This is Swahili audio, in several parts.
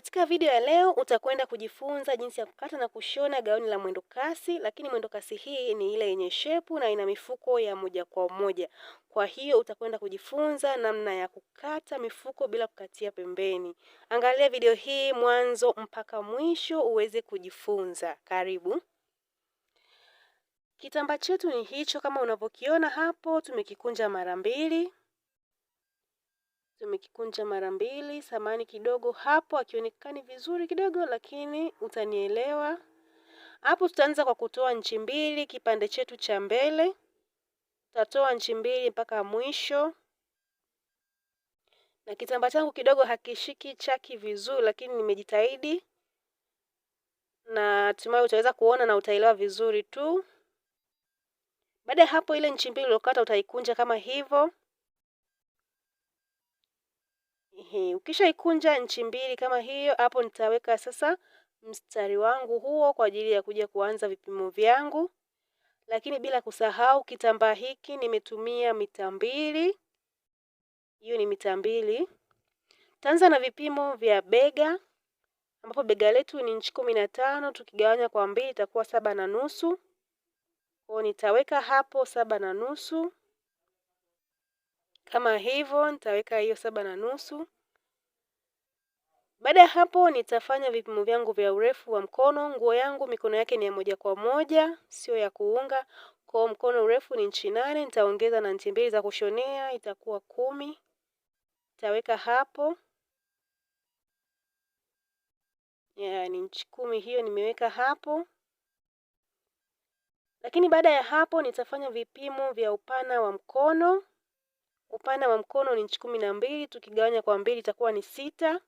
Katika video ya leo utakwenda kujifunza jinsi ya kukata na kushona gauni la mwendokasi, lakini mwendokasi hii ni ile yenye shepu na ina mifuko ya moja kwa moja. Kwa hiyo utakwenda kujifunza namna ya kukata mifuko bila kukatia pembeni. Angalia video hii mwanzo mpaka mwisho uweze kujifunza. Karibu. Kitambaa chetu ni hicho kama unavyokiona hapo, tumekikunja mara mbili nimekikunja mara mbili, samani kidogo hapo, akionekani vizuri kidogo, lakini utanielewa. Hapo tutaanza kwa kutoa nchi mbili kipande chetu cha mbele, tutatoa nchi mbili mpaka mwisho. Na kitambaa changu kidogo hakishiki chaki vizuri, lakini nimejitahidi na hatimaye utaweza kuona na utaelewa vizuri tu. Baada ya hapo, ile nchi mbili uliokata utaikunja kama hivyo hii. Ukishaikunja nchi mbili kama hiyo, hapo nitaweka sasa mstari wangu huo kwa ajili ya kuja kuanza vipimo vyangu, lakini bila kusahau kitambaa hiki nimetumia mita mbili, hiyo ni mita mbili. Tanza na vipimo vya bega ambapo bega letu ni nchi kumi na tano tukigawanya kwa mbili itakuwa saba na nusu. Kwa nitaweka hapo saba na nusu kama hivyo, nitaweka hiyo saba na nusu. Baada ya hapo nitafanya vipimo vyangu vya urefu wa mkono. Nguo yangu mikono yake ni ya moja kwa moja, sio ya kuunga. Kwa mkono urefu ni inchi nane, nitaongeza na inchi mbili za kushonea itakuwa kumi. Nitaweka hapo. Yeah, ni inchi kumi hiyo nimeweka hapo. Lakini baada ya hapo nitafanya vipimo vya upana wa mkono. Upana wa mkono ni inchi kumi na mbili, tukigawanya kwa mbili itakuwa ni sita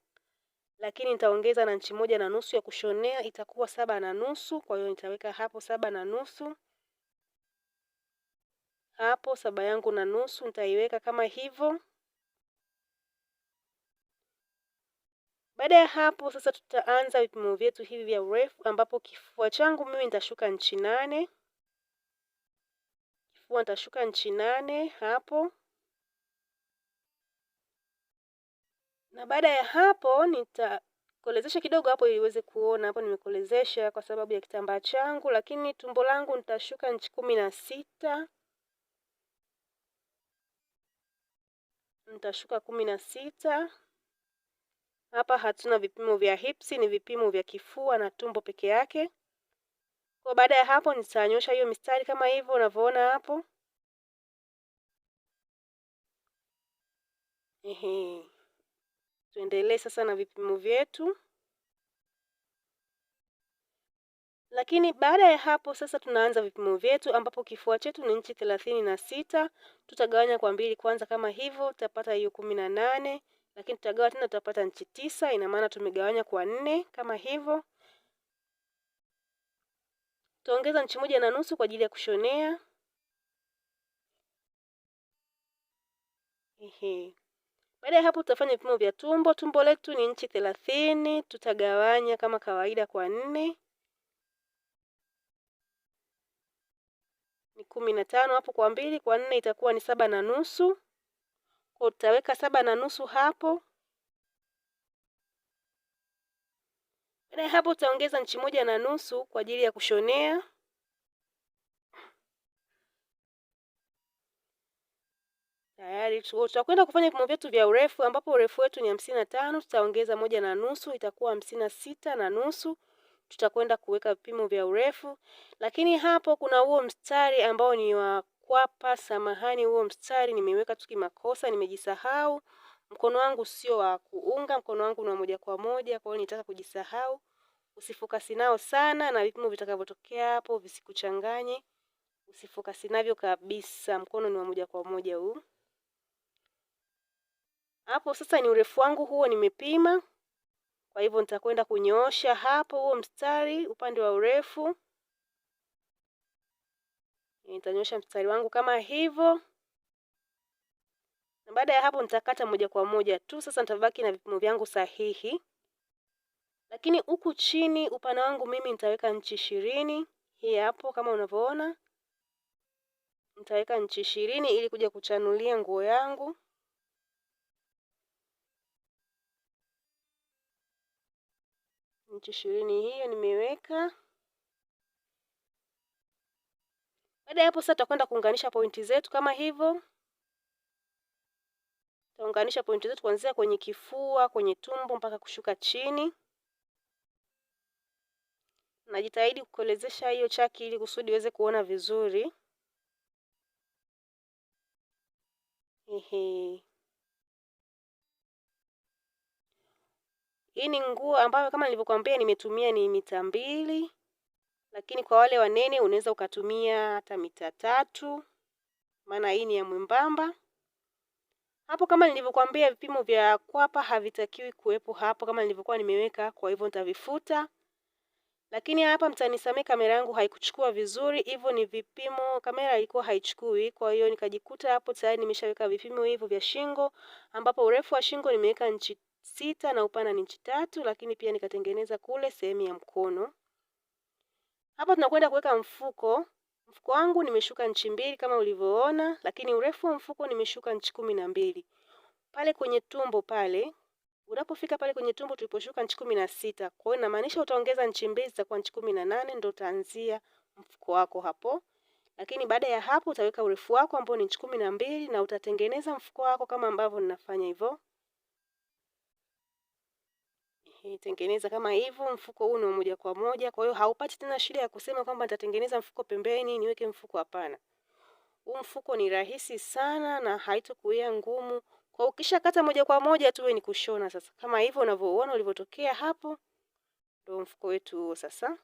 lakini nitaongeza na nchi moja na nusu ya kushonea itakuwa saba na nusu. Kwa hiyo nitaweka hapo saba na nusu hapo, saba yangu na nusu nitaiweka kama hivyo. Baada ya hapo sasa, tutaanza vipimo vyetu hivi vya urefu, ambapo kifua changu mimi nitashuka nchi nane, kifua nitashuka nchi nane hapo na baada ya hapo nitakolezesha kidogo hapo ili uweze kuona. Hapo nimekolezesha kwa sababu ya kitambaa changu, lakini tumbo langu nitashuka nchi kumi na sita nitashuka kumi na sita. Hapa hatuna vipimo vya hipsi, ni vipimo vya kifua na tumbo peke yake. Kwa baada ya hapo nitanyosha hiyo mistari kama hivyo unavyoona hapo. Tuendelee sasa na vipimo vyetu. Lakini baada ya hapo sasa tunaanza vipimo vyetu ambapo kifua chetu ni nchi thelathini na sita. Tutagawanya kwa mbili kwanza kama hivyo, tutapata hiyo kumi na nane, lakini tutagawa tena, tutapata nchi tisa. Ina maana tumegawanya kwa nne kama hivyo. Tutaongeza nchi moja na nusu kwa ajili ya kushonea. Ehe. Baada ya hapo tutafanya vipimo vya tumbo. Tumbo letu ni inchi thelathini, tutagawanya kama kawaida kwa nne, ni kumi na tano hapo kwa mbili, kwa nne itakuwa ni saba na nusu. Kwa tutaweka saba na nusu hapo. Baada ya hapo tutaongeza nchi moja na nusu kwa ajili ya kushonea. Tayari tutakwenda kufanya vipimo vyetu vya urefu ambapo urefu wetu ni hamsini na tano, tutaongeza moja na nusu itakuwa hamsini na sita na nusu. Tutakwenda kuweka vipimo vya urefu, lakini hapo kuna huo mstari ambao ni wa kwapa. Samahani, huo mstari nimeweka tu kimakosa, nimejisahau. Mkono wangu sio wa kuunga, mkono wangu ni wa moja kwa moja, kwa hiyo nitaka kujisahau. Usifokasi nao sana, na vipimo vitakavyotokea hapo visikuchanganye, usifokasi navyo kabisa. Mkono ni wa moja kwa moja huu. Hapo sasa ni urefu wangu huo nimepima, kwa hivyo nitakwenda kunyoosha hapo huo mstari upande wa urefu. Nitanyosha mstari wangu kama hivyo, na baada ya hapo nitakata moja kwa moja tu. Sasa nitabaki na vipimo vyangu sahihi, lakini huku chini upana wangu mimi nitaweka nchi ishirini. Hii hapo kama unavyoona, nitaweka nchi ishirini ili kuja kuchanulia nguo yangu. inchi ishirini hiyo nimeweka. Baada ya hapo sasa tutakwenda kuunganisha pointi zetu kama hivyo. Tutaunganisha pointi zetu kuanzia kwenye kifua, kwenye tumbo mpaka kushuka chini. Najitahidi kukolezesha hiyo chaki ili kusudi iweze kuona vizuri. Ehe. Hii ni nguo ambayo kama nilivyokuambia nimetumia ni mita mbili, lakini kwa wale wanene unaweza ukatumia hata mita tatu, maana hii ni ya mwembamba. Hapo kama nilivyokuambia, vipimo vya kwapa havitakiwi kuwepo hapo kama nilivyokuwa nimeweka, kwa hivyo nitavifuta. Lakini hapa mtanisamee, kamera yangu haikuchukua vizuri, hivyo ni vipimo, kamera ilikuwa haichukui. Kwa hiyo nikajikuta hapo tayari nimeshaweka vipimo hivyo vya shingo, ambapo urefu wa shingo nimeweka nchi sita na upana ni inchi tatu, lakini pia nikatengeneza kule sehemu ya mkono. Hapa tunakwenda kuweka mfuko. Mfuko wangu nimeshuka nchi mbili kama ulivyoona, lakini urefu wa mfuko nimeshuka nchi kumi na mbili pale kwenye tumbo pale unapofika pale kwenye tumbo tuliposhuka nchi kumi na sita. Kwa hiyo inamaanisha utaongeza nchi mbili zitakuwa nchi kumi na nane ndio utaanzia mfuko wako hapo, lakini baada ya hapo utaweka urefu wako ambao ni nchi kumi na mbili na utatengeneza mfuko wako kama ambavyo ninafanya hivyo. Tengeneza kama hivyo. Mfuko huu ni moja kwa moja, kwa hiyo haupati tena shida ya kusema kwamba nitatengeneza mfuko pembeni niweke mfuko. Hapana, huu mfuko ni rahisi sana na haitokuia ngumu, kwa ukishakata moja kwa moja tuwe ni kushona sasa. Kama hivyo unavyoona ulivyotokea hapo, ndio mfuko wetu huo sasa.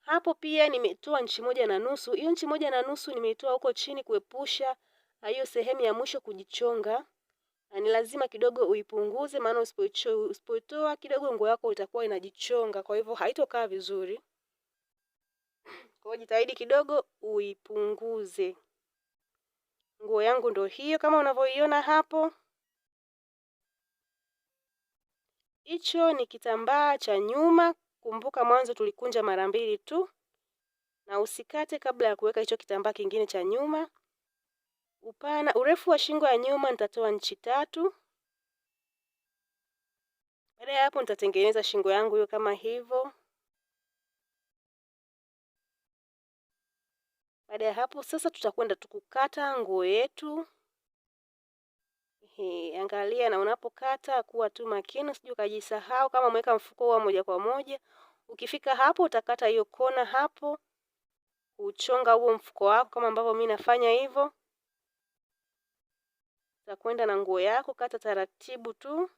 Hapo pia nimetoa nchi moja na nusu. Hiyo nchi moja na nusu nimeitoa huko chini kuepusha ah, hiyo sehemu ya mwisho kujichonga na ah, ni lazima kidogo uipunguze, maana usipotoa kidogo nguo yako itakuwa inajichonga, kwa hivyo haitokaa vizuri. Kwa hiyo jitahidi kidogo uipunguze. Nguo yangu ndo hiyo kama unavyoiona hapo. Hicho ni kitambaa cha nyuma. Kumbuka mwanzo tulikunja mara mbili tu, na usikate kabla ya kuweka hicho kitambaa kingine cha nyuma. Upana, urefu wa shingo ya nyuma nitatoa nchi tatu. Baada ya hapo nitatengeneza shingo yangu hiyo kama hivyo. Baada ya hapo sasa tutakwenda tukukata nguo yetu. He, angalia na unapokata kuwa tu makini, usije ukajisahau kama umeweka mfuko wa moja kwa moja. Ukifika hapo utakata hiyo kona hapo, uchonga huo mfuko wako kama ambavyo mimi nafanya hivyo. Takwenda na nguo yako, kata taratibu tu.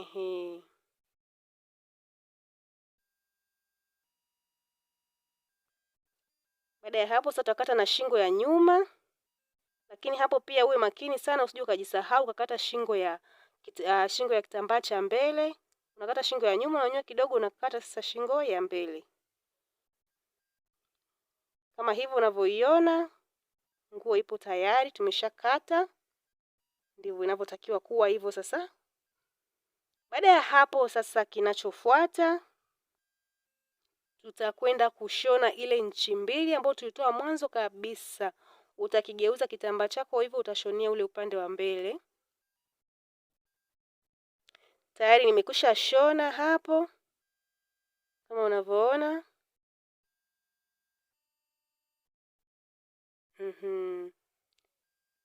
Ehe. Baada ya hapo sasa utakata na shingo ya nyuma, lakini hapo pia uwe makini sana, usije ukajisahau ukakata shingo ya uh, shingo ya kitambaa cha mbele. Unakata shingo ya nyuma, unanyoa kidogo, unakata sasa shingo ya mbele kama hivyo unavyoiona. Nguo ipo tayari, tumeshakata. Ndivyo inavyotakiwa kuwa hivyo. Sasa baada ya hapo, sasa kinachofuata tutakwenda kushona ile nchi mbili ambayo tulitoa mwanzo kabisa. Utakigeuza kitambaa chako hivyo, utashonia ule upande wa mbele. Tayari nimekusha shona hapo kama unavyoona. Mhm.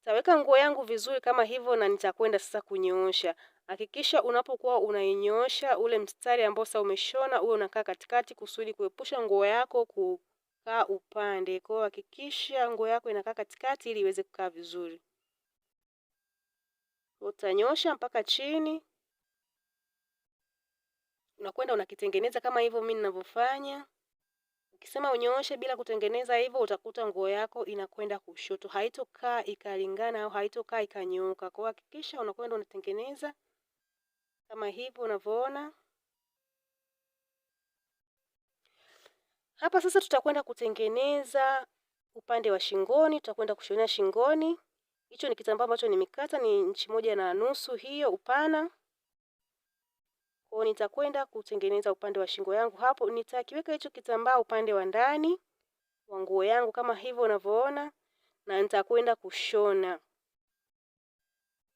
Taweka nguo yangu vizuri kama hivyo na nitakwenda sasa kunyoosha. Hakikisha unapokuwa unainyoosha ule mstari ambao sasa umeshona uwe unakaa katikati kusudi kuepusha nguo yako kukaa upande. Kwa hiyo hakikisha nguo yako inakaa katikati ili iweze kukaa vizuri. Utanyoosha mpaka chini. Unakwenda unakitengeneza kama hivyo mimi ninavyofanya. Ukisema unyooshe bila kutengeneza hivyo, utakuta nguo yako inakwenda kushoto, haitokaa ikalingana au haitokaa ikanyooka. Kwa hakikisha unakwenda unatengeneza kama hivyo unavyoona hapa. Sasa tutakwenda kutengeneza upande wa shingoni, tutakwenda kushonea shingoni. Hicho ni kitambaa ambacho nimekata ni inchi moja na nusu, hiyo upana kwao. nitakwenda kutengeneza upande wa shingo yangu hapo, nitakiweka hicho kitambaa upande wa ndani wa nguo yangu kama hivyo unavyoona, na nitakwenda kushona.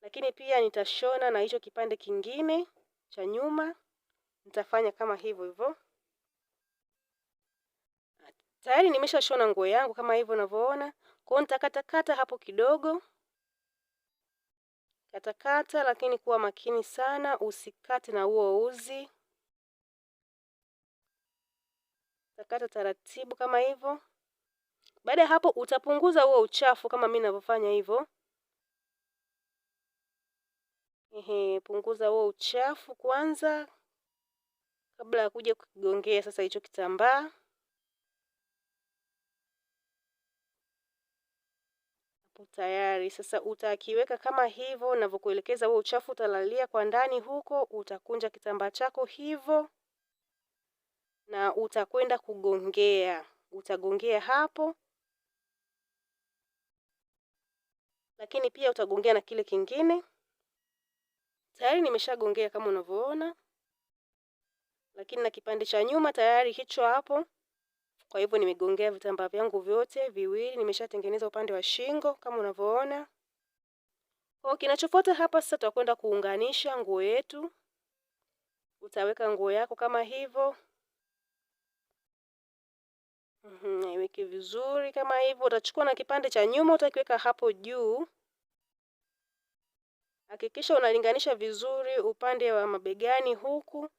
Lakini pia nitashona na hicho kipande kingine cha nyuma, nitafanya kama hivyo hivyo. Tayari nimeshashona nguo yangu kama hivyo unavyoona, kwao nitakatakata hapo kidogo katakata, lakini kuwa makini sana usikate na huo uzi. Takata taratibu kama hivyo. Baada ya hapo utapunguza huo uchafu kama mimi ninavyofanya hivyo. Ehe, punguza huo uchafu kwanza kabla ya kuja kukigongea sasa hicho kitambaa. hapo tayari. Sasa utakiweka kama hivyo navyokuelekeza huo uchafu utalalia kwa ndani huko, utakunja kitambaa chako hivyo na utakwenda kugongea, utagongea hapo, lakini pia utagongea na kile kingine. Tayari nimeshagongea kama unavyoona, lakini na kipande cha nyuma tayari hicho hapo kwa hivyo nimegongea vitambaa vyangu vyote viwili, nimeshatengeneza upande wa shingo kama unavyoona. Kwa kinachofuata hapa sasa, tutakwenda kuunganisha nguo yetu. Utaweka nguo yako kama hivyo, mhm, iweke vizuri kama hivyo. Utachukua na kipande cha nyuma utakiweka hapo juu. Hakikisha unalinganisha vizuri upande wa mabegani huku,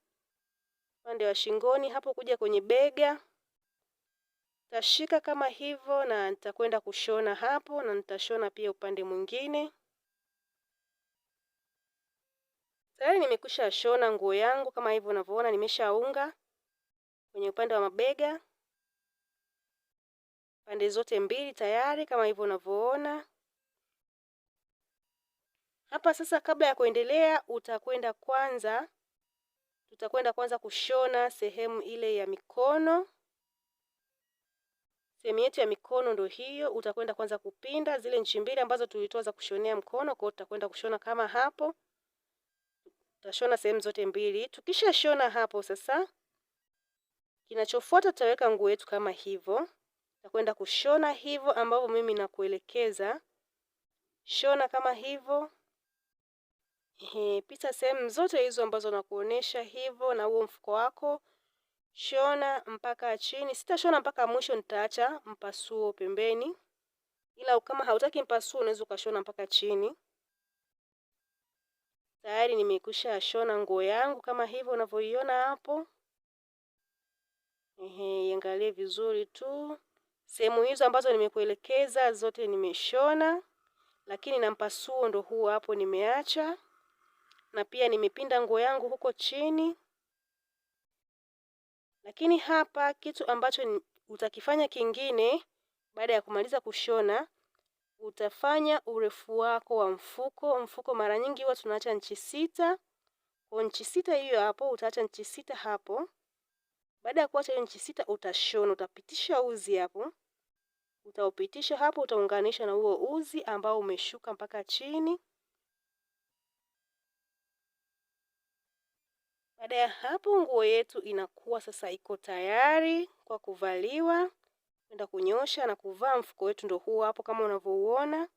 upande wa shingoni hapo kuja kwenye bega Nitashika kama hivyo na nitakwenda kushona hapo, na nitashona pia upande mwingine. Tayari nimekusha shona nguo yangu kama hivyo unavyoona, nimeshaunga kwenye upande wa mabega pande zote mbili tayari kama hivyo unavyoona hapa. Sasa kabla ya kuendelea, utakwenda kwanza, tutakwenda kwanza kushona sehemu ile ya mikono. Sehemu yetu ya mikono ndio hiyo, utakwenda kwanza kupinda zile nchi mbili ambazo tulitoa za kushonea mkono. Kwa hiyo tutakwenda kushona kama hapo, tutashona sehemu zote mbili. Tukishashona hapo sasa, kinachofuata tutaweka nguo yetu kama hivyo, tutakwenda kushona hivyo ambavyo mimi nakuelekeza. Shona kama hivyo. Ehe, pita sehemu zote hizo ambazo nakuonesha hivyo na huo mfuko wako shona mpaka chini. Sitashona mpaka mwisho, nitaacha mpasuo pembeni, ila kama hautaki mpasuo unaweza ukashona mpaka chini. Tayari nimekusha shona nguo yangu kama hivyo unavyoiona hapo. Ehe, iangalie vizuri tu sehemu hizo ambazo nimekuelekeza zote nimeshona, lakini na mpasuo ndo huo hapo nimeacha, na pia nimepinda nguo yangu huko chini. Lakini hapa kitu ambacho utakifanya kingine baada ya kumaliza kushona, utafanya urefu wako wa mfuko. Mfuko mara nyingi huwa tunaacha nchi sita, kwa nchi sita hiyo hapo utaacha nchi sita hapo. Baada ya kuacha hiyo nchi sita, utashona, utapitisha uzi hapo, utaupitisha hapo, utaunganisha na huo uzi ambao umeshuka mpaka chini. Baada ya hapo, nguo yetu inakuwa sasa iko tayari kwa kuvaliwa, kwenda kunyosha na kuvaa. Mfuko wetu ndio huo hapo kama unavyouona.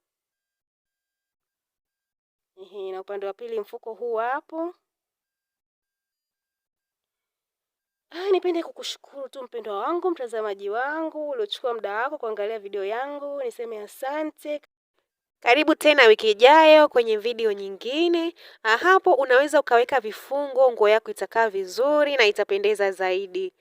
Ehe, na upande wa pili mfuko huu hapo. Ah, nipende kukushukuru tu mpendwa wangu, mtazamaji wangu uliochukua muda wako kuangalia video yangu, niseme asante. Karibu tena wiki ijayo kwenye video nyingine, hapo unaweza ukaweka vifungo, nguo yako itakaa vizuri na itapendeza zaidi.